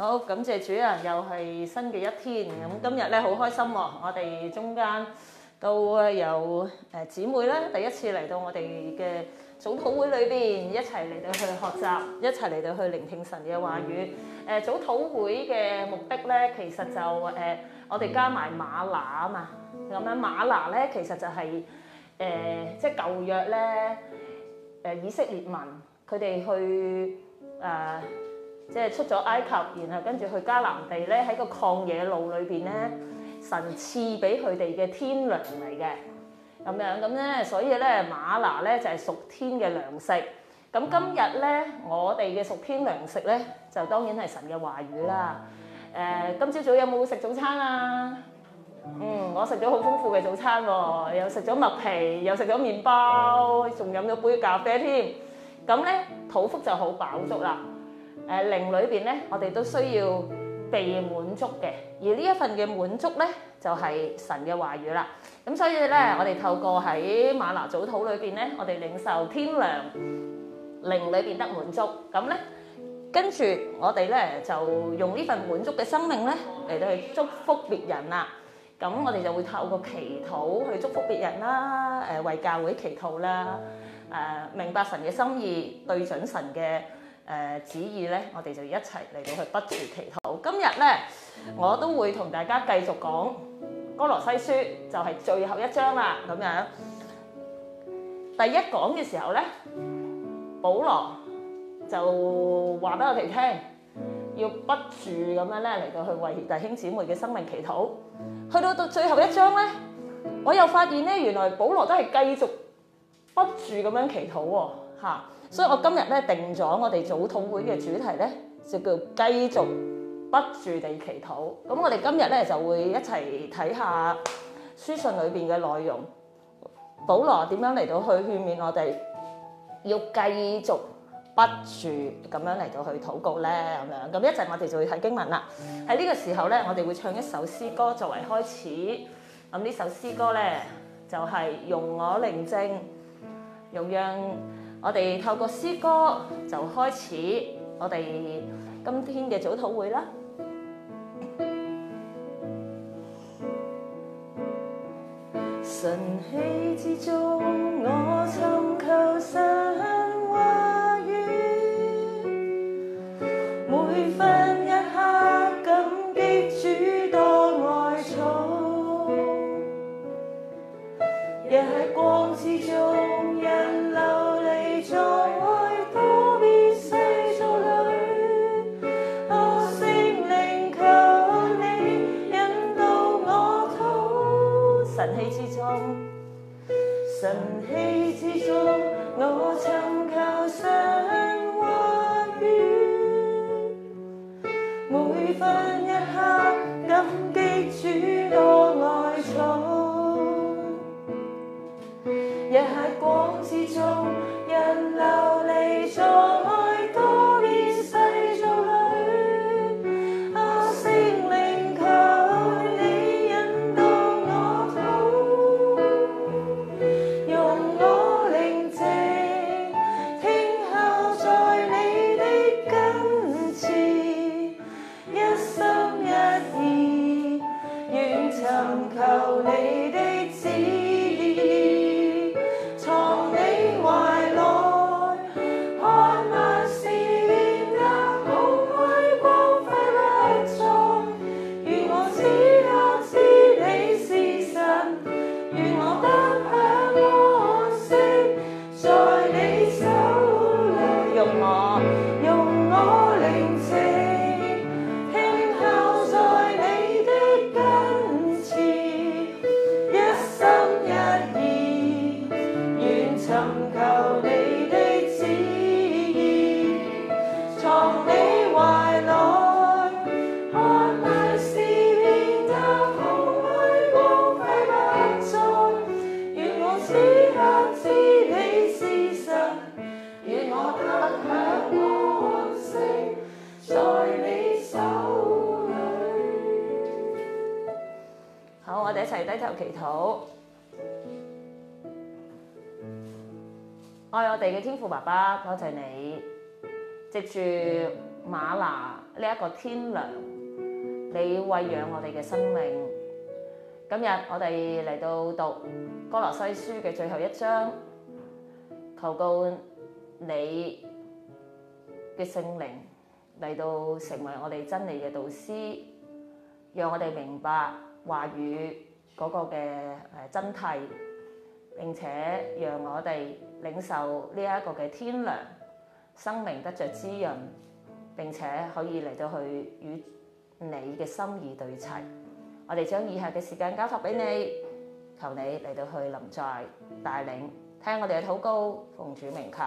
好，感謝主人。又係新嘅一天。咁今日咧，好開心喎、啊！我哋中間都有誒姊妹咧，第一次嚟到我哋嘅早禱會裏邊，一齊嚟到去學習，一齊嚟到去聆聽神嘅話語。誒、呃，早禱會嘅目的咧，其實就誒、呃，我哋加埋嗎哪啊嘛。咁樣嗎哪咧，其實就係、是、誒、呃，即係舊約咧，誒、呃、以色列民，佢哋去誒。呃即係出咗埃及，然後跟住去迦南地咧，喺個曠野路裏邊咧，神賜俾佢哋嘅天糧嚟嘅，咁樣咁咧，所以咧嗎哪咧就係、是、屬天嘅糧食。咁今日咧我哋嘅屬天糧食咧就當然係神嘅話語啦。誒、呃，今朝早有冇食早餐啊？嗯，我食咗好豐富嘅早餐喎、啊，又食咗麥皮，又食咗麵包，仲飲咗杯咖啡添。咁咧肚腹就好飽足啦。誒靈裏邊咧，我哋都需要被滿足嘅，而呢一份嘅滿足咧，就係神嘅話語啦。咁所以咧，我哋透過喺嗎哪早禱裏邊咧，我哋領受天糧，靈裏邊得滿足。咁咧，跟住我哋咧就用呢份滿足嘅生命咧嚟到去祝福別人啦。咁我哋就會透過祈禱去祝福別人啦，誒為教會祈禱啦，誒明白神嘅心意，對準神嘅。誒，旨意咧，我哋就一齊嚟到去不住祈禱。今日咧，我都會同大家繼續講《歌羅西書》，就係最後一章啦。咁樣，第一講嘅時候咧，保羅就話俾我哋聽，要不住咁樣咧嚟到去為弟兄姊妹嘅生命祈禱。去到到最後一章咧，我又發現咧，原來保羅都係繼續不住咁樣祈禱喎，嚇。所以我今日咧定咗我哋早禱會嘅主題咧，就叫繼續不住地祈禱。咁我哋今日咧就會一齊睇下書信裏邊嘅內容，保羅點樣嚟到去勸勉我哋要繼續不住咁樣嚟到去禱告咧咁樣。咁一陣我哋就會睇經文啦。喺呢個時候咧，我哋會唱一首詩歌作為開始。咁呢首詩歌咧就係容我寧靜，容讓。我哋透過詩歌就開始我哋今天嘅早禱會啦。晨曦之中，我 求樂今日我哋嚟到讀哥羅西書嘅最後一章，求告你嘅聖靈嚟到成為我哋真理嘅導師，讓我哋明白話語嗰個嘅誒真諦，並且讓我哋領受呢一個嘅天糧，生命得着滋潤，並且可以嚟到去與你嘅心意對齊。我哋將以下嘅時間交託俾你，求你嚟到去臨在帶領，聽我哋嘅禱告，奉主名求，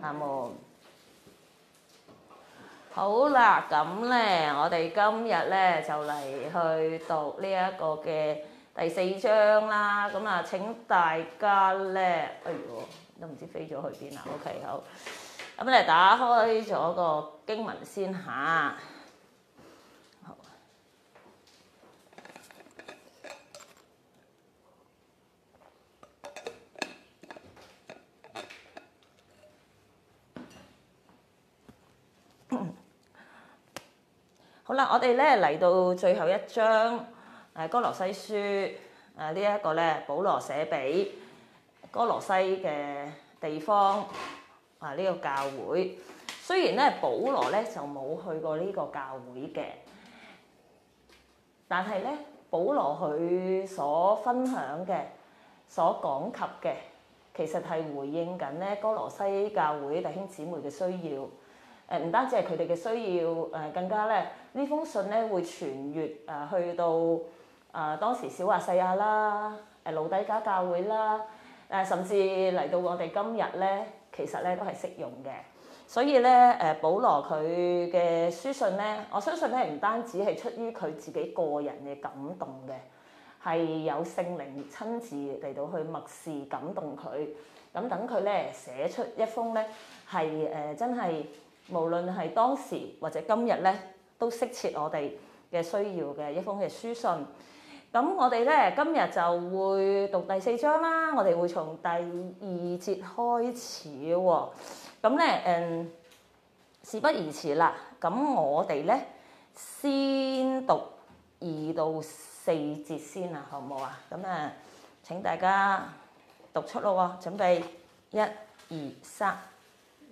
阿們。好啦，咁咧，我哋今日咧就嚟去讀呢一個嘅第四章啦。咁啊，請大家咧，哎喲，都唔知飛咗去邊啦。OK，好，咁你打開咗個經文先嚇。嗱，我哋咧嚟到最後一章，誒《歌羅西書》，誒呢一個咧，保羅寫俾歌羅西嘅地方啊，呢個教會。雖然咧，保羅咧就冇去過呢個教會嘅，但係咧，保羅佢所分享嘅、所講及嘅，其實係回應緊咧歌羅西教會弟兄姊妹嘅需要。誒唔單止係佢哋嘅需要，誒更加咧。呢封信咧會傳閱誒去到誒、呃、當時小亞細亞啦，誒老底嘉教會啦，誒、呃、甚至嚟到我哋今日咧，其實咧都係適用嘅。所以咧誒、呃，保羅佢嘅書信咧，我相信咧唔單止係出於佢自己個人嘅感動嘅，係有聖靈親自嚟到去默示感動佢。咁等佢咧寫出一封咧係誒真係無論係當時或者今日咧，都適切我哋嘅需要嘅一封嘅書信。咁我哋咧今日就會讀第四章啦。我哋會從第二節開始喎、哦。咁咧，誒、嗯、事不宜遲啦。咁我哋咧先讀二到四節先啦，好唔好啊？咁啊，請大家讀出咯喎。準備一、二、三。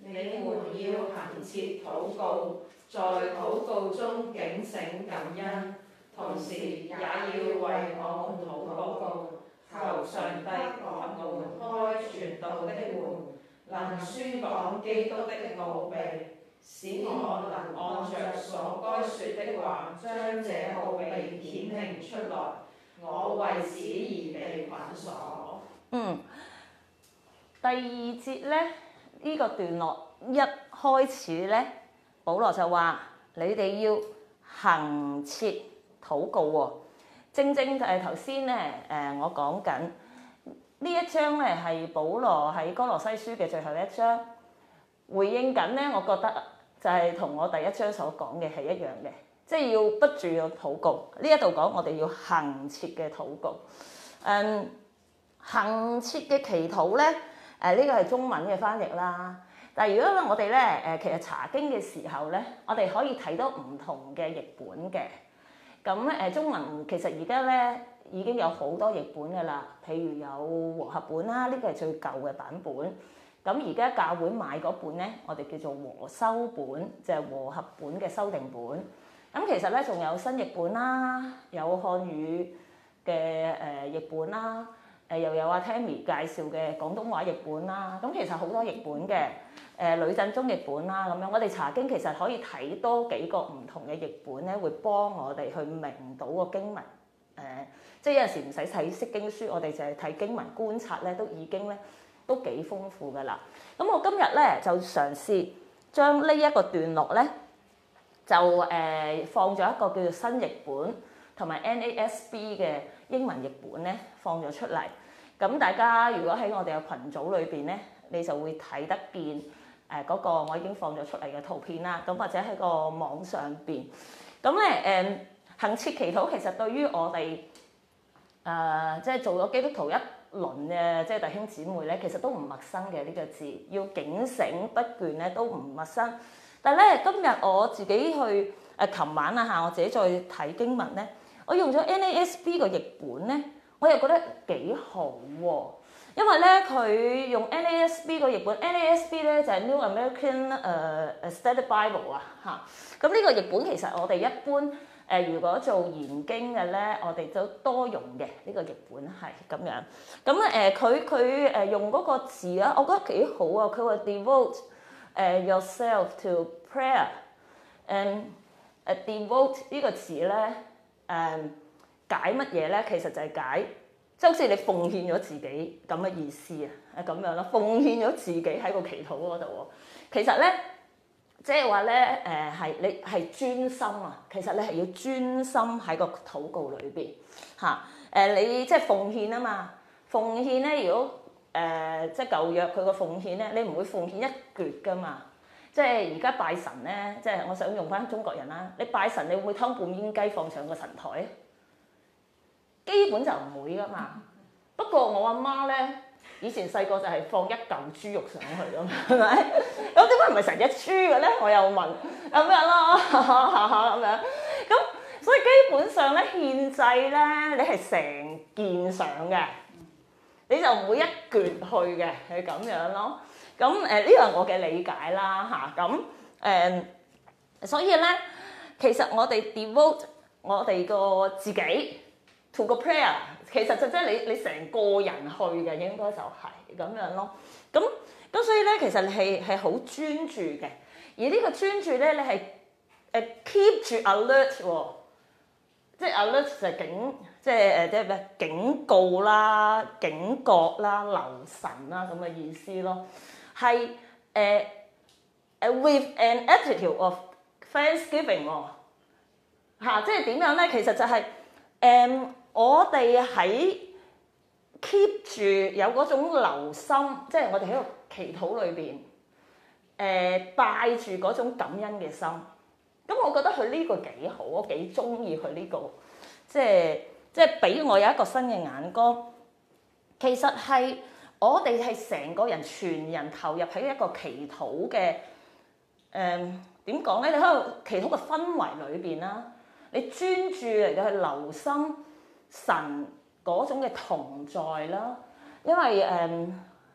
你們要恆切禱告。在禱告中警醒感恩，同時也要為我們禱告，求上帝給我們開傳道的門，能宣講基督的奧秘，使我能按着所該說的話，將這奧秘顯明出來。我為此而被捆鎖。嗯，第二節呢，呢、這個段落一開始呢。保羅就話：你哋要恆切禱告喎，正正就係頭先咧，誒我講緊呢一章咧，係保羅喺歌羅西書嘅最後一章，回應緊咧。我覺得就係同我第一章所講嘅係一樣嘅，即係要不住嘅禱告。呢一度講我哋要恆切嘅禱告，誒、嗯、恆切嘅祈禱咧，誒呢個係中文嘅翻譯啦。嗱，但如果咧我哋咧誒，其實查經嘅時候咧，我哋可以睇到唔同嘅譯本嘅。咁誒中文其實而家咧已經有好多譯本嘅啦，譬如有和合本啦，呢個係最舊嘅版本。咁而家教會買嗰本咧，我哋叫做和修本，就係和合本嘅修訂本。咁其實咧仲有新譯本啦，有漢語嘅誒譯本啦，誒又有阿 Tammy 介紹嘅廣東話譯本啦。咁其實好多譯本嘅。誒呂振中譯本啦咁樣，我哋查經其實可以睇多幾個唔同嘅譯本咧，會幫我哋去明到個經文。誒、嗯，即係有陣時唔使睇釋經書，我哋淨係睇經文觀察咧，都已經咧都幾豐富㗎啦。咁我今日咧就嘗試將呢一個段落咧就誒、呃、放咗一個叫做新譯本同埋 NASB 嘅英文譯本咧放咗出嚟。咁大家如果喺我哋嘅群組裏邊咧，你就會睇得見。誒嗰個我已經放咗出嚟嘅圖片啦，咁或者喺個網上邊，咁咧誒恆切祈禱其實對於我哋誒即係做咗基督徒一輪嘅即係弟兄姊妹咧，其實都唔陌生嘅呢、這個字，要警醒不倦咧都唔陌生。但係咧今日我自己去誒琴、呃、晚啊嚇，我自己再睇經文咧，我用咗 NASB 個譯本咧，我又覺得幾好喎、啊。因為咧，佢用 NASB 個譯本，NASB 咧就係 New American 誒誒 Standard Bible 啊嚇。咁、這、呢個譯本其實我哋一般誒、呃，如果做研經嘅咧，我哋就多用嘅呢、這個譯本係咁樣。咁咧佢佢誒用嗰個字咧，我覺得幾好啊。佢話 devote 誒 yourself to prayer，誒誒、嗯、devote 呢個字咧誒解乜嘢咧？其實就係解。即係好似你奉獻咗自己咁嘅意思啊，咁、就是、樣咯，奉獻咗自己喺個祈禱嗰度。其實咧，即係話咧，誒、呃、係你係專心啊。其實你係要專心喺個禱告裏邊嚇。誒、啊、你即係奉獻啊嘛，奉獻咧，如果誒、呃、即係舊約佢個奉獻咧，你唔會奉獻一橛噶嘛。即係而家拜神咧，即係我想用翻中國人啦。你拜神，你會唔會劏半隻雞放上個神台啊？基本就唔會噶嘛，不過我阿媽咧以前細個就係放一嚿豬肉上去噶嘛，係咪？咁點解唔係成隻豬嘅咧？我又問咁樣咯，咁樣咁，所以基本上咧，獻祭咧，你係成件上嘅，你就唔會一橛去嘅，係咁樣咯。咁誒呢個係我嘅理解啦吓，咁誒、嗯、所以咧，其實我哋 devote 我哋個自己。to 個 prayer 其實就即係你你成個人去嘅應該就係咁樣咯，咁、嗯、咁所以咧，其實你係係好專注嘅，而個專呢個專注咧，你係誒 keep 住 alert 喎、哦，即係 alert 就係警即係誒即係咩警告啦、警覺啦、留神啦咁嘅意思咯，係誒誒 with an attitude of thanksgiving 吓、哦啊，即係點樣咧？其實就係、是、誒。Um, 我哋喺 keep 住有嗰種留心，即係我哋喺個祈禱裏邊，誒、呃、拜住嗰種感恩嘅心。咁我覺得佢呢個幾好，我幾中意佢呢個，即係即係俾我有一個新嘅眼光。其實係我哋係成個人全人投入喺一個祈禱嘅，誒點講咧？你喺度祈禱嘅氛圍裏邊啦，你專注嚟到去留心神嗰種嘅同在啦，因為誒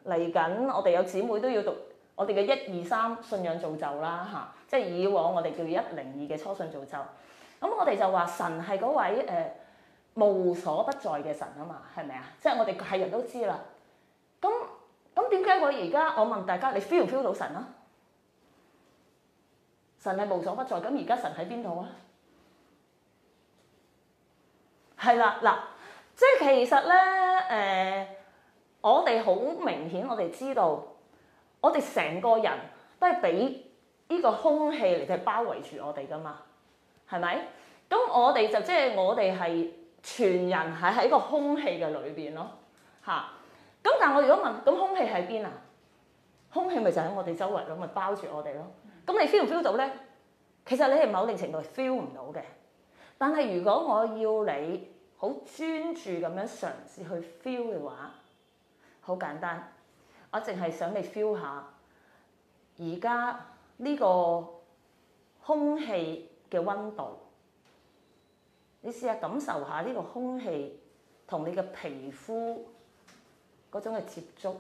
嚟緊，嗯、我哋有姊妹都要讀我哋嘅一、二、三，信仰造就啦嚇、啊，即係以往我哋叫一零二嘅初信造就。咁我哋就話神係嗰位誒、呃、無所不在嘅神啊嘛，係咪啊？即係我哋係人都知啦。咁咁點解我而家我問大家，你 feel 唔 feel 到神啊？神係無所不在，咁而家神喺邊度啊？係啦，嗱，即係其實咧，誒、呃，我哋好明顯，我哋知道，我哋成個人都係俾呢個空氣嚟係包圍住我哋噶嘛，係咪？咁我哋就即係我哋係全人係喺個空氣嘅裏邊咯，吓，咁但係我如果問，咁空氣喺邊啊？空氣咪就喺我哋周圍咯，咪、就是、包住我哋咯。咁你 feel 唔 feel 到咧？其實你係某一定程度 feel 唔到嘅。但係如果我要你好專注咁樣嘗試去 feel 嘅話，好簡單，我淨係想你 feel 下而家呢個空氣嘅温度，你試下感受下呢個空氣同你嘅皮膚嗰種嘅接觸。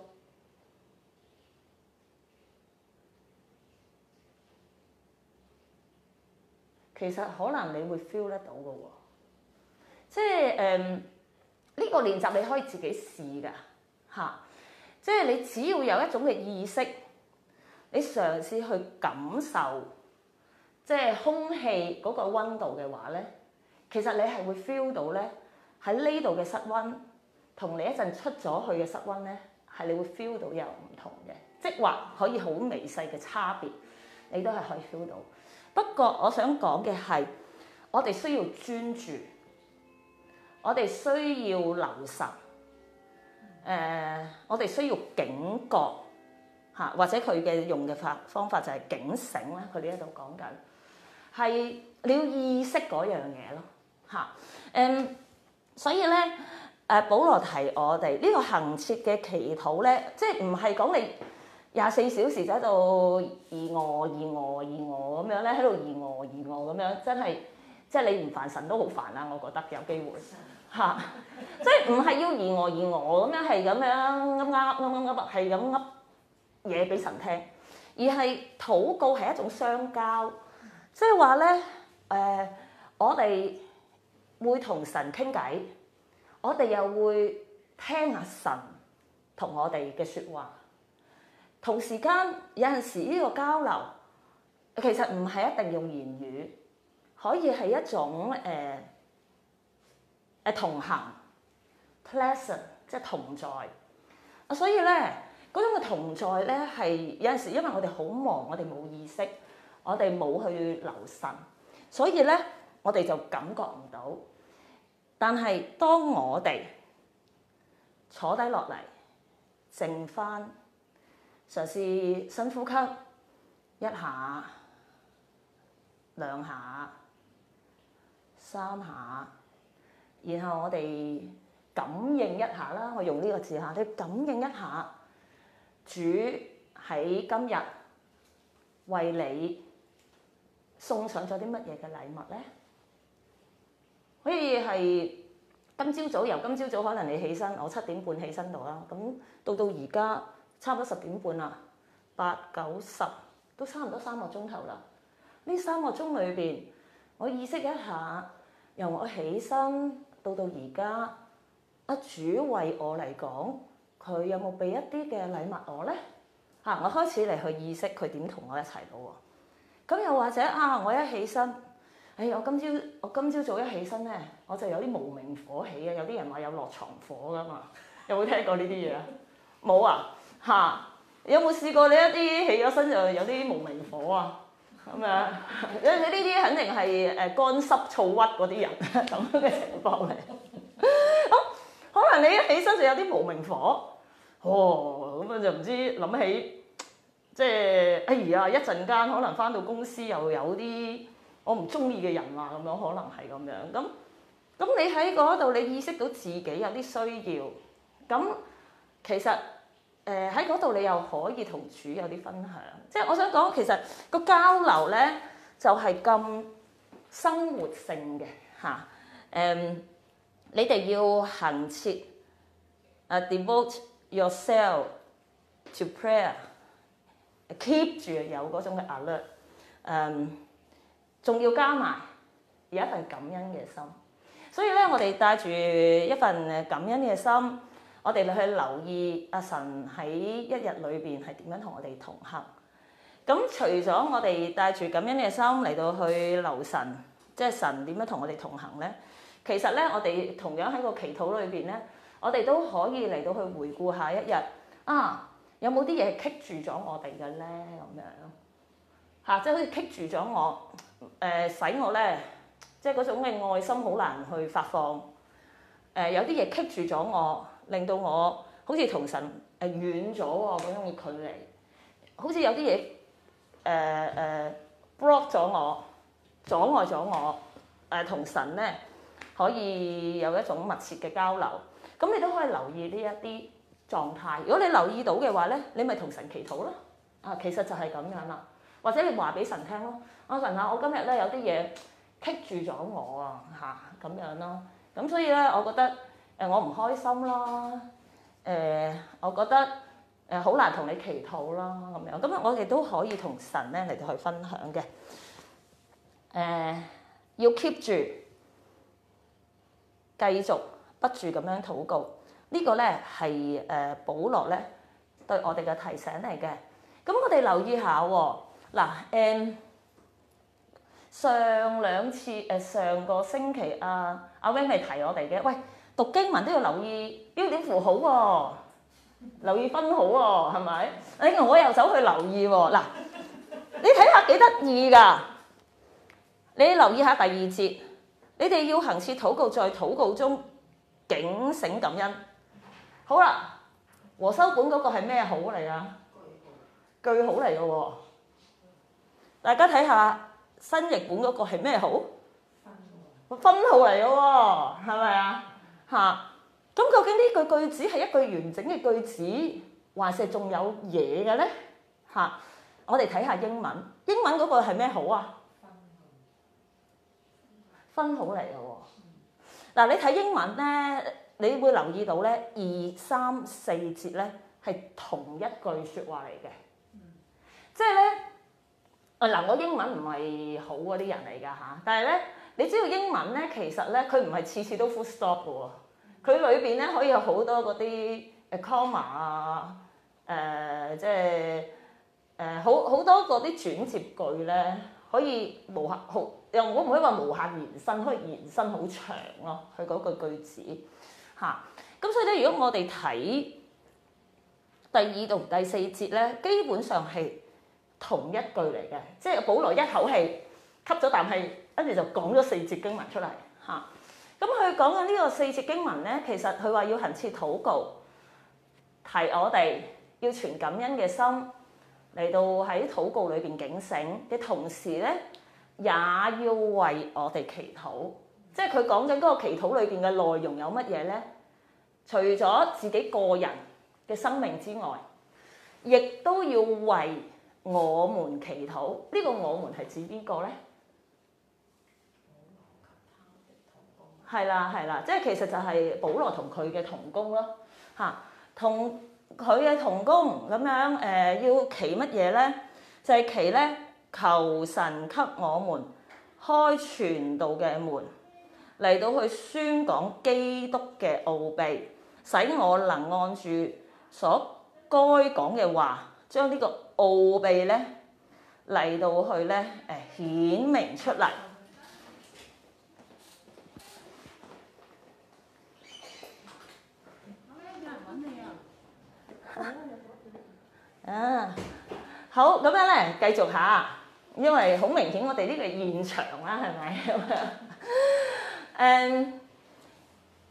其實可能你會 feel 得到㗎喎，即係誒呢個練習你可以自己試㗎吓，即係你只要有一種嘅意識，你嘗試去感受，即係空氣嗰個温度嘅話咧，其實你係會 feel 到咧，喺呢度嘅室温同你一陣出咗去嘅室温咧，係你會 feel 到有唔同嘅，即係話可以好微細嘅差別，你都係可以 feel 到。不過我想講嘅係，我哋需要專注，我哋需要留神，誒、呃，我哋需要警覺嚇，或者佢嘅用嘅法方法就係警醒咧。佢哋喺度講緊，係你要意識嗰樣嘢咯嚇。嗯、呃，所以咧誒、呃，保羅提我哋呢、這個恆切嘅祈禱咧，即係唔係講你。廿四小時就喺度餓餓餓餓咁樣咧，喺度餓餓餓咁樣，真係即係你唔煩神都好煩啦。我覺得有機會嚇，即係唔係要餓餓餓咁樣，係咁樣噏噏噏噏噏，係噉噏嘢俾神聽，而係禱告係一種相交，即係話咧誒，我哋會同神傾偈，我哋又會聽下神同我哋嘅説話。同時間有陣時，呢個交流其實唔係一定用言語，可以係一種誒誒、uh, uh, 同行 pleasant，即係同在啊。所以咧，嗰種嘅同在咧係有陣時，因為我哋好忙，我哋冇意識，我哋冇去留神，所以咧我哋就感覺唔到。但係當我哋坐低落嚟，剩翻。嘗試深呼吸一下、兩下，下、三下，然後我哋感應一下啦。我用呢個字嚇，你感應一下，一下主喺今日為你送上咗啲乜嘢嘅禮物咧？可以係今朝早，早由今朝早，早可能你起身，我七點半起身到啦。咁到到而家。差唔多十點半啦，八九十都差唔多三個鐘頭啦。呢三個鐘裏邊，我意識一下，由我起身到到而家，阿主為我嚟講，佢有冇俾一啲嘅禮物我咧？嚇、啊，我開始嚟去意識佢點同我一齊到喎。咁、啊、又或者啊，我一起身，哎，我今朝我今朝早一起身咧，我就有啲無名火起啊。有啲人話有落床火㗎嘛，有冇聽過呢啲嘢啊？冇啊！嚇，有冇試過你一啲起咗身就有啲無名火啊？咁樣，因為呢啲肯定係誒乾濕燥鬱嗰啲人咁 樣嘅情況嚟。啊，可能你一起身就有啲無名火，哦，咁就唔知諗起，即係哎呀一陣間可能翻到公司又有啲我唔中意嘅人啊，咁樣可能係咁樣。咁咁你喺嗰度你意識到自己有啲需要，咁其實。誒喺嗰度，呃、你又可以同主有啲分享，即係我想講，其實個交流咧就係、是、咁生活性嘅嚇。誒、嗯，你哋要恆切，誒、uh, devote yourself to prayer，keep 住有嗰種嘅 alert，誒，仲要加埋有一份感恩嘅心。所以咧，我哋帶住一份感恩嘅心。我哋去留意阿神喺一日裏邊係點樣同我哋同行。咁除咗我哋帶住咁樣嘅心嚟到去留神，即係神點樣同我哋同行咧？其實咧，我哋同樣喺個祈禱裏邊咧，我哋都可以嚟到去回顧下一日啊，有冇啲嘢棘住咗我哋嘅咧？咁樣嚇、啊，即係好似棘住咗我誒、呃，使我咧即係嗰種嘅愛心好難去發放誒、呃，有啲嘢棘住咗我。令到我好似同神誒遠咗喎，咁樣嘅距離，好似有啲嘢誒誒 block 咗我，阻礙咗我誒同神咧可以有一種密切嘅交流。咁你都可以留意呢一啲狀態。如果你留意到嘅話咧，你咪同神祈禱咯。啊，其實就係咁樣啦，或者你話俾神聽咯。阿神啊，我今日咧有啲嘢棘住咗我啊，嚇咁樣咯。咁所以咧，我覺得。誒我唔開心啦，誒、呃、我覺得誒好難同你祈禱啦咁樣，咁我哋都可以同神咧嚟到去分享嘅。誒、呃、要 keep 住繼續不住咁樣禱告，這個、呢個咧係誒保羅咧對我哋嘅提醒嚟嘅。咁我哋留意下喎、啊，嗱誒上兩次誒、呃、上個星期、啊、阿阿 Wing 咪提我哋嘅，喂。讀經文都要留意標點符號喎，留意分號喎，係咪？哎，我又走去留意喎。嗱，你睇下幾得意㗎？你留意下第二節，你哋要恆切禱告，在禱告中警醒感恩。好啦，和修本嗰個係咩號嚟啊？句號嚟㗎喎，大家睇下新譯本嗰個係咩號？分號嚟㗎喎，係咪啊？吓，咁、啊、究竟呢句句子係一句完整嘅句子，還是仲有嘢嘅咧？吓、啊，我哋睇下英文，英文嗰個係咩好啊？分好嚟嘅喎。嗱、哦，嗯、你睇英文咧，你會留意到咧，二三四節咧係同一句説話嚟嘅。嗯、即係咧，嗱、啊，我英文唔係好嗰啲人嚟㗎吓，但係咧。你知道英文咧，其實咧佢唔係次次都 full stop 嘅喎，佢裏邊咧可以有好多、啊呃即係啊、好，好多嗰啲 comma 啊，誒即係誒好好多嗰啲轉接句咧，可以無限好又我唔可以話無限延伸，可以延伸好長咯。佢嗰句句子嚇咁、啊，所以咧如果我哋睇第二同第四節咧，基本上係同一句嚟嘅，即係保羅一口氣吸咗啖氣。跟住就講咗四節經文出嚟嚇，咁佢講緊呢個四節經文咧，其實佢話要恆切禱告，提我哋要存感恩嘅心嚟到喺禱告裏邊警醒嘅同時咧，也要為我哋祈禱。即係佢講緊嗰個祈禱裏邊嘅內容有乜嘢咧？除咗自己個人嘅生命之外，亦都要為我們祈禱。呢個我們係指邊個咧？係啦，係啦，即係其實就係保羅同佢嘅同工咯，嚇，同佢嘅同工咁樣，誒、呃，要祈乜嘢咧？就係祈咧，求神給我們開傳道嘅門，嚟到去宣講基督嘅奧秘，使我能按住所該講嘅話，將呢個奧秘咧嚟到去咧，誒、呃，顯明出嚟。啊，好，咁樣咧，繼續下，因為好明顯，我哋呢個現場啦，係咪咁樣？誒、 嗯，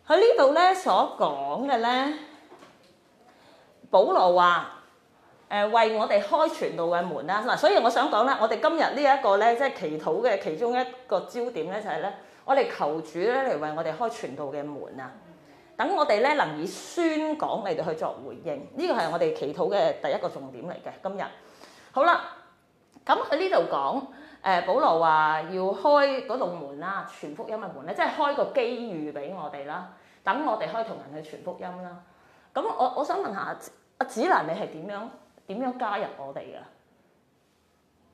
喺呢度咧所講嘅咧，保羅話誒、呃、為我哋開傳道嘅門啦。嗱、啊，所以我想講咧，我哋今日呢一個咧，即係祈禱嘅其中一個焦點咧，就係、是、咧，我哋求主咧嚟為我哋開傳道嘅門啊！等我哋咧能以宣講你哋去作回應，呢個係我哋祈禱嘅第一個重點嚟嘅。今日好啦，咁喺呢度講，誒、呃，保羅話要開嗰道門啦，傳福音嘅門咧，即係開個機遇俾我哋啦，等我哋可以同人去傳福音啦。咁我我想問下阿子蘭，你係點樣點樣加入我哋嘅？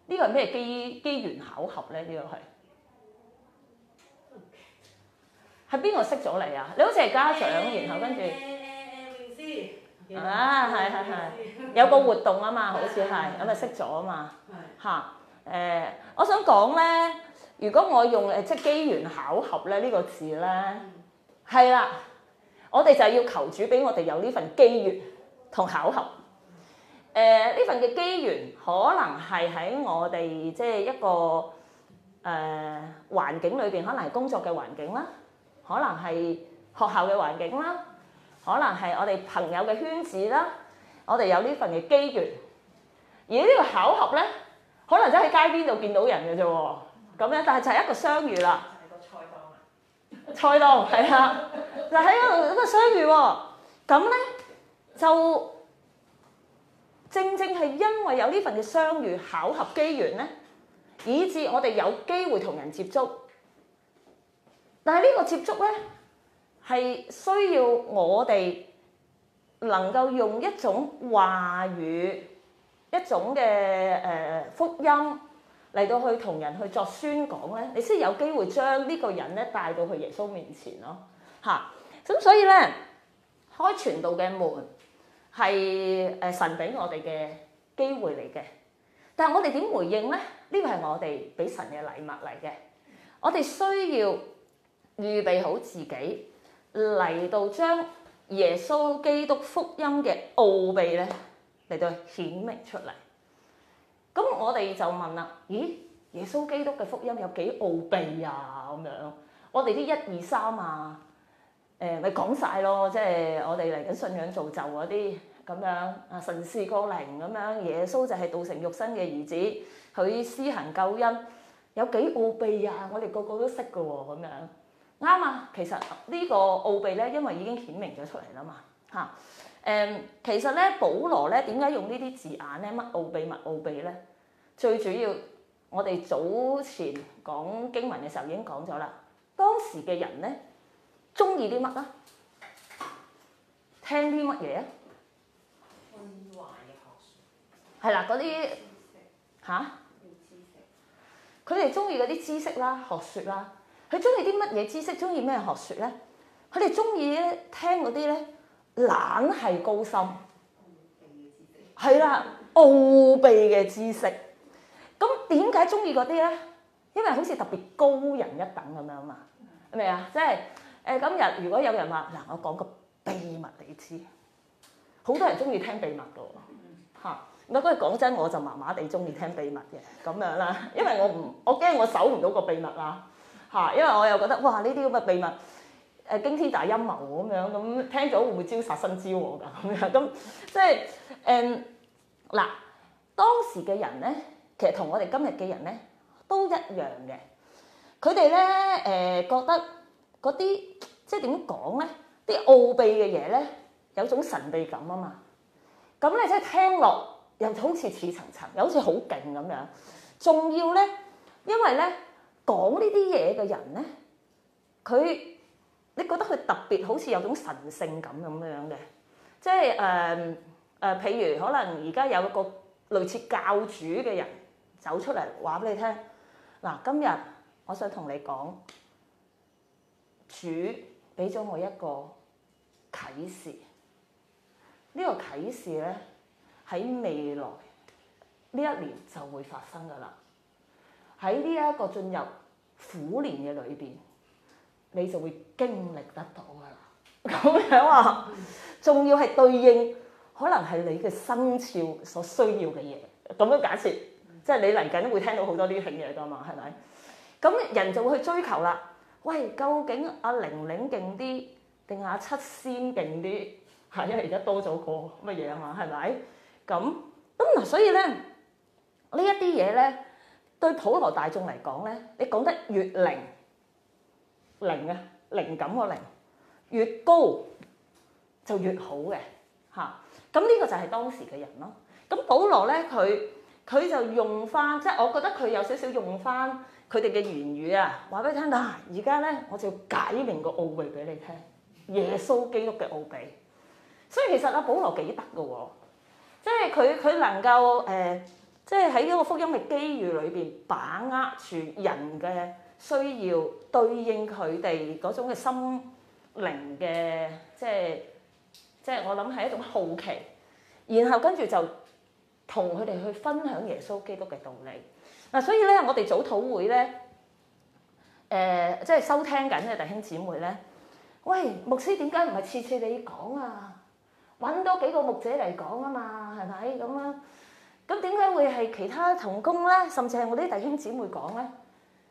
呢、這個係咩機機緣巧合咧？呢、這個係？係邊個識咗嚟啊？你好似係家長，然後跟住啊，係係係有個活動啊嘛，好似係咁咪識咗啊嘛嚇誒。我想講咧，如果我用誒即係機緣巧合咧呢個字咧，係啦，我哋就係要求主俾我哋有呢份機緣同巧合誒。呢份嘅機緣可能係喺我哋即係一個誒環境裏邊，可能係工作嘅環境啦。可能係學校嘅環境啦，可能係我哋朋友嘅圈子啦，我哋有呢份嘅機緣，而呢個巧合咧，可能就喺街邊度見到人嘅啫喎，咁樣，但係就係一個相遇啦。 菜檔，係啊，嗱喺嗰度一個相遇，咁咧就正正係因為有呢份嘅相遇巧合機緣咧，以至我哋有機會同人接觸。但係呢個接觸咧，係需要我哋能夠用一種話語、一種嘅誒福音嚟到去同人去作宣講咧，你先有機會將呢個人咧帶到去耶穌面前咯。吓，咁所以咧開傳道嘅門係誒神俾我哋嘅機會嚟嘅，但係我哋點回應咧？呢個係我哋俾神嘅禮物嚟嘅，我哋需要。預備好自己嚟到將耶穌基督福音嘅奧秘咧嚟到顯明出嚟。咁我哋就問啦：咦，耶穌基督嘅福音有幾奧秘啊？咁樣，我哋啲一二三啊，誒咪講晒咯。即係我哋嚟緊信仰造就嗰啲咁樣啊，神事過靈咁樣。耶穌就係道成肉身嘅兒子，佢施行救恩有幾奧秘啊？我哋個個都識㗎喎，咁樣。啱啊、嗯，其實呢個奧秘咧，因為已經顯明咗出嚟啦嘛，嚇誒，其實咧，保羅咧點解用呢啲字眼咧？乜奧秘？乜奧秘咧？最主要，我哋早前講經文嘅時候已經講咗啦。當時嘅人咧，中意啲乜啊？聽啲乜嘢啊？虛幻嘅學説。係啦，嗰啲吓？佢哋中意嗰啲知識啦，學説啦。佢中意啲乜嘢知識？中意咩學説？咧？佢哋中意咧聽嗰啲咧懶係高深，係啦，奧秘嘅知識。咁點解中意嗰啲咧？因為好似特別高人一等咁樣嘛，係咪啊？即係誒、呃、今日如果有人話嗱、呃，我講個秘密你知，好多人中意聽秘密噶喎嚇。我、啊、講、那個、真，我就麻麻地中意聽秘密嘅咁樣啦，因為我唔我驚我守唔到個秘密啦！嚇！因為我又覺得哇，呢啲咁嘅秘密，誒、呃、驚天大陰謀咁樣，咁聽咗會唔會招殺身之禍㗎？咁樣咁，即係誒嗱，當時嘅人咧，其實同我哋今日嘅人咧都一樣嘅。佢哋咧誒覺得嗰啲即係點講咧，啲奧秘嘅嘢咧有種神秘感啊嘛。咁咧即係聽落又好似似層層，又好似好勁咁樣。仲要咧，因為咧。講呢啲嘢嘅人呢，佢你覺得佢特別好似有種神聖感咁樣嘅，即係誒誒，譬如可能而家有一個類似教主嘅人走出嚟話俾你聽，嗱，今日我想同你講，主俾咗我一個啟示，呢、呢個啟示呢，喺未來呢一年就會發生噶啦。喺呢一個進入虎年嘅裏邊，你就會經歷得到噶啦。咁樣啊，仲要係對應，可能係你嘅生肖所需要嘅嘢。咁樣解釋，即係你嚟緊會聽到好多呢啲嘢噶嘛，係咪？咁人就會去追求啦。喂，究竟阿玲玲勁啲，定阿七仙勁啲？係、哎、啊，因為而家多咗個乜嘢啊嘛，係咪？咁咁嗱，所以咧，呢一啲嘢咧。對普羅大眾嚟講咧，你講得越靈靈啊，靈感嘅靈越高就越好嘅嚇。咁、啊、呢、這個就係當時嘅人咯。咁、啊、保羅咧，佢佢就用返，即係我覺得佢有少少用返佢哋嘅言語啊，話俾你聽啦。而家咧，我就要解明個奧秘俾你聽，耶穌基督嘅奧秘。所以其實阿、啊、保羅幾得㗎喎，即係佢佢能夠誒。呃即係喺一個福音嘅機遇裏邊，把握住人嘅需要，對應佢哋嗰種嘅心靈嘅，即係即係我諗係一種好奇。然後跟住就同佢哋去分享耶穌基督嘅道理。嗱、啊，所以咧，我哋早禱會咧，誒、呃，即係收聽緊嘅弟兄姊妹咧，喂，牧師點解唔係次次你講啊？搵多幾個牧者嚟講啊嘛，係咪咁啊？咁點解會係其他同工咧，甚至係我啲弟兄姊妹講咧？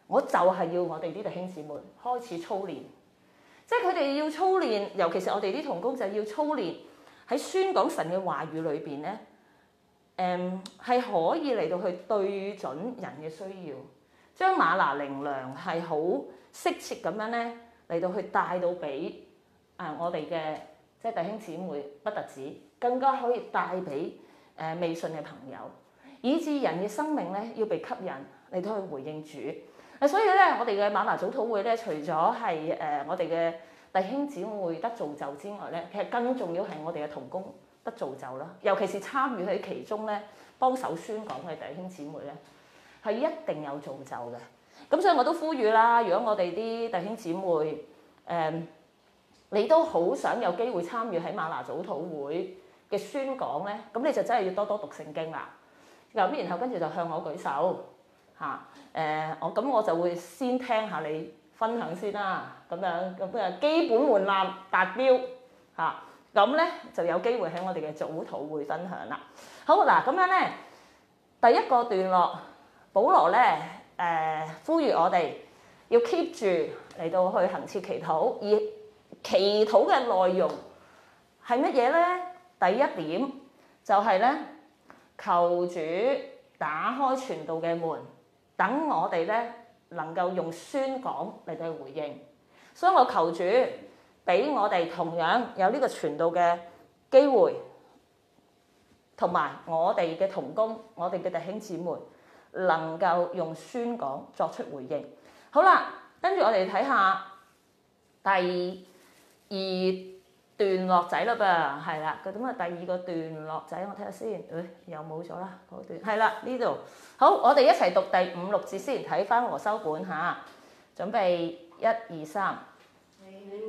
我就係要我哋啲弟兄姊妹開始操練，即係佢哋要操練，尤其是我哋啲同工就要操練喺宣講神嘅話語裏邊咧，誒、嗯，係可以嚟到去對準人嘅需要，將嗎哪靈糧係好適切咁樣咧嚟到去帶到俾啊、呃、我哋嘅即係弟兄姊妹，不特止，更加可以帶俾。誒未信嘅朋友，以致人嘅生命咧要被吸引嚟到去回應主。啊，所以咧我哋嘅嗎哪早禱會咧，除咗係誒我哋嘅弟兄姊妹得造就之外咧，其實更重要係我哋嘅同工得造就啦。尤其是參與喺其中咧，幫手宣講嘅弟兄姊妹咧，係一定有造就嘅。咁所以我都呼籲啦，如果我哋啲弟兄姊妹誒、呃，你都好想有機會參與喺嗎哪早禱會嘅宣講咧，咁你就真係要多多讀聖經啦。咁然後跟住就向我舉手，嚇、啊，誒、呃，我咁、呃、我就會先聽下你分享先啦。咁樣咁啊，基本門檻達標嚇，咁、啊、咧、啊嗯、就有機會喺我哋嘅早禱會分享啦。好嗱，咁、啊、樣咧，第一個段落，保羅咧誒、呃、呼籲我哋要 keep 住嚟到去恆切祈禱，而祈禱嘅內容係乜嘢咧？第一點就係咧，求主打開傳道嘅門，等我哋咧能夠用宣講嚟到回應。所以我求主俾我哋同樣有呢個傳道嘅機會，同埋我哋嘅同工、我哋嘅弟兄姊妹能夠用宣講作出回應。好啦，跟住我哋睇下第二段落仔啦噃，係啦，嗰種啊第二個段落仔，我睇下先，誒、哎、又冇咗啦個段，係啦呢度，好，我哋一齊讀第五六節先，睇返和修本。嚇，準備一二三，你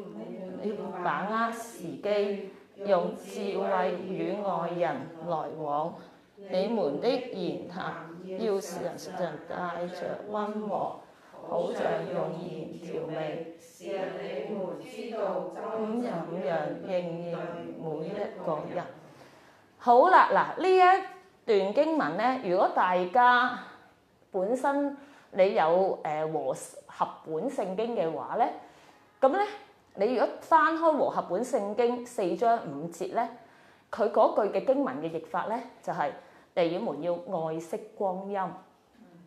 你把握時機，用智慧與外人來往，你們的言談要時常帶着溫和。好像用鹽調味。是啊，你們知道怎樣怎樣應對每一個人。好啦，嗱呢一段經文咧，如果大家本身你有誒和合本聖經嘅話咧，咁咧你如果翻開和合本聖經四章五節咧，佢嗰句嘅經文嘅譯法咧就係弟兄們要愛惜光陰。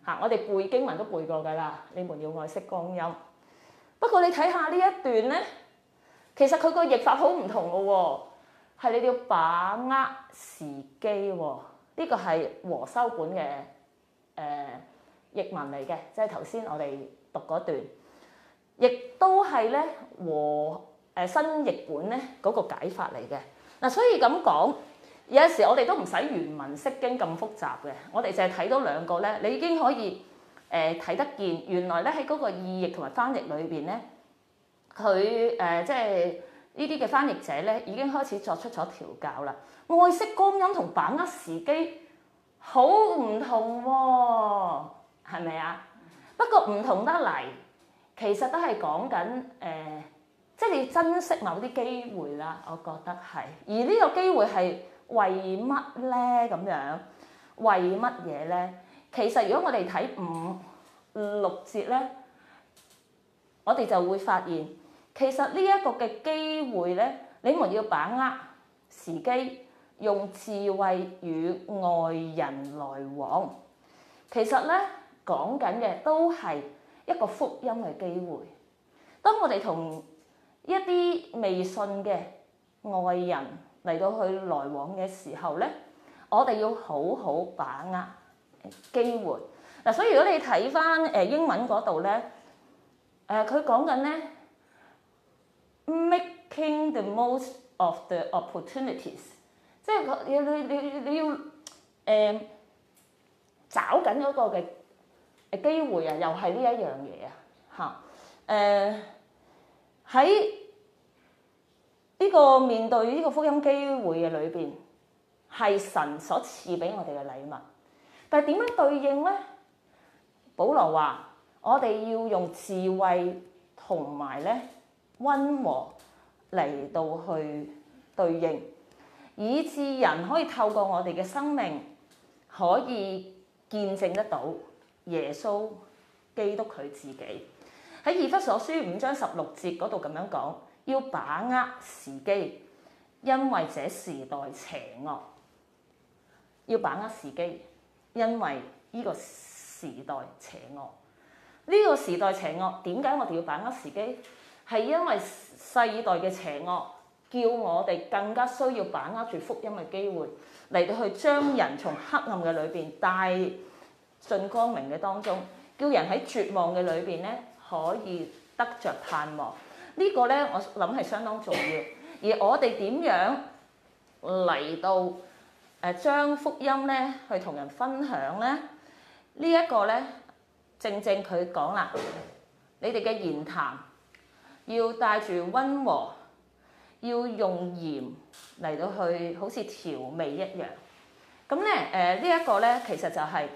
嗱、啊！我哋背經文都背過噶啦，你們要愛惜光陰。不過你睇下呢一段咧，其實佢個譯法好唔同咯、哦，係你哋要把握時機喎、哦。呢、這個係和修本嘅誒譯文嚟嘅，即係頭先我哋讀嗰段，亦都係咧和誒、呃、新譯本咧嗰個解法嚟嘅。嗱、啊，所以咁講。有時我哋都唔使原文釋經咁複雜嘅，我哋淨係睇到兩個咧，你已經可以誒睇、呃、得見，原來咧喺嗰個意譯同埋翻譯裏邊咧，佢誒、呃、即係呢啲嘅翻譯者咧已經開始作出咗調教啦。愛惜光陰同把握時機、哦，好唔同喎，係咪啊？不過唔同得嚟，其實都係講緊誒，即係你珍惜某啲機會啦，我覺得係。而呢個機會係。為乜咧咁樣？為乜嘢咧？其實如果我哋睇五六節咧，我哋就會發現，其實呢一個嘅機會咧，你們要把握時機，用智慧與外人來往。其實咧講緊嘅都係一個福音嘅機會。當我哋同一啲未信嘅外人。嚟到去來往嘅時候咧，我哋要好好把握機會。嗱、啊，所以如果你睇返誒英文嗰度咧，誒佢講緊咧，making the most of the opportunities，即係你你你你要誒、呃、找緊嗰個嘅機會啊，又係呢一樣嘢啊，嚇誒喺。呢個面對呢個福音機會嘅裏邊，係神所賜俾我哋嘅禮物。但係點樣對應咧？保羅話：我哋要用智慧同埋咧溫和嚟到去對應，以致人可以透過我哋嘅生命可以見證得到耶穌基督佢自己。喺以弗所書五章十六節嗰度咁樣講。要把握時機，因為這時代邪惡；要把握時機，因為呢個時代邪惡。呢個時代邪惡，點解我哋要把握時機？係因為世代嘅邪惡，叫我哋更加需要把握住福音嘅機會，嚟到去將人從黑暗嘅裏邊帶進光明嘅當中，叫人喺絕望嘅裏邊咧可以得着盼望。個呢個咧，我諗係相當重要。而我哋點樣嚟到誒將、呃、福音咧去同人分享咧？這個、呢一個咧，正正佢講啦，你哋嘅言談要帶住温和，要用鹽嚟到去好似調味一樣。咁咧誒，呃這個、呢一個咧其實就係